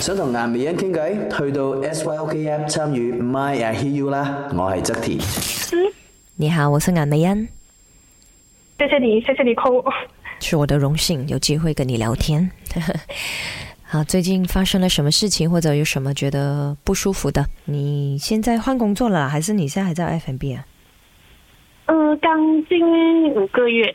想同顏美欣傾偈，去到 SYOKM 參與 My I Hear You 啦，我係則田。嗯，嗯，你好，我是顏美欣。謝謝你，謝謝你 call 我，是我的榮幸，有機會跟你聊天。 好，最近發生了什麼事情，或者有什麼覺得不舒服的？你現在換工作了，還是你現在還在 F&B 啊？嗯、呃，剛進五個月。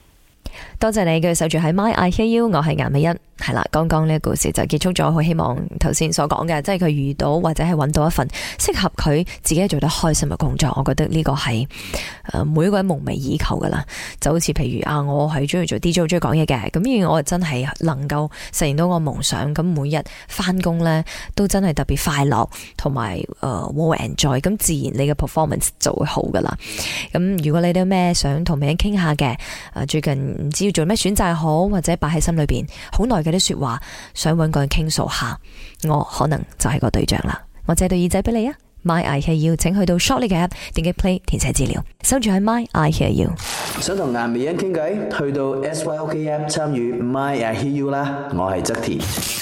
多謝你嘅守住喺 My I Hear U，我係顏美欣，係啦，剛剛呢個故事就結束咗，好希望頭先所講嘅，即係佢遇到或者係揾到一份適合佢自己做得開心嘅工作，我覺得呢個係每個人夢寐以求噶啦，就好似譬如啊，我係中意做 DJ，中意講嘢嘅，咁如果我真係能夠實現到我夢想，咁每日翻工呢都真係特別快樂，同埋誒 work and joy，咁自然你嘅 performance 就會好噶啦。咁如果你都有咩想同美欣傾下嘅，最近唔知，做咩選擇好，或者擺喺心裏邊好耐嘅啲說話，想搵個人傾訴下，我可能就係個對象啦。我借對耳仔俾你啊！My I Hear You，請去到 Shortly 嘅 App 點擊 Play 填寫資料，收住喺 My I Hear You。想同難面人傾偈，去到 SYOK App 參與 My I Hear You 啦。我係側田。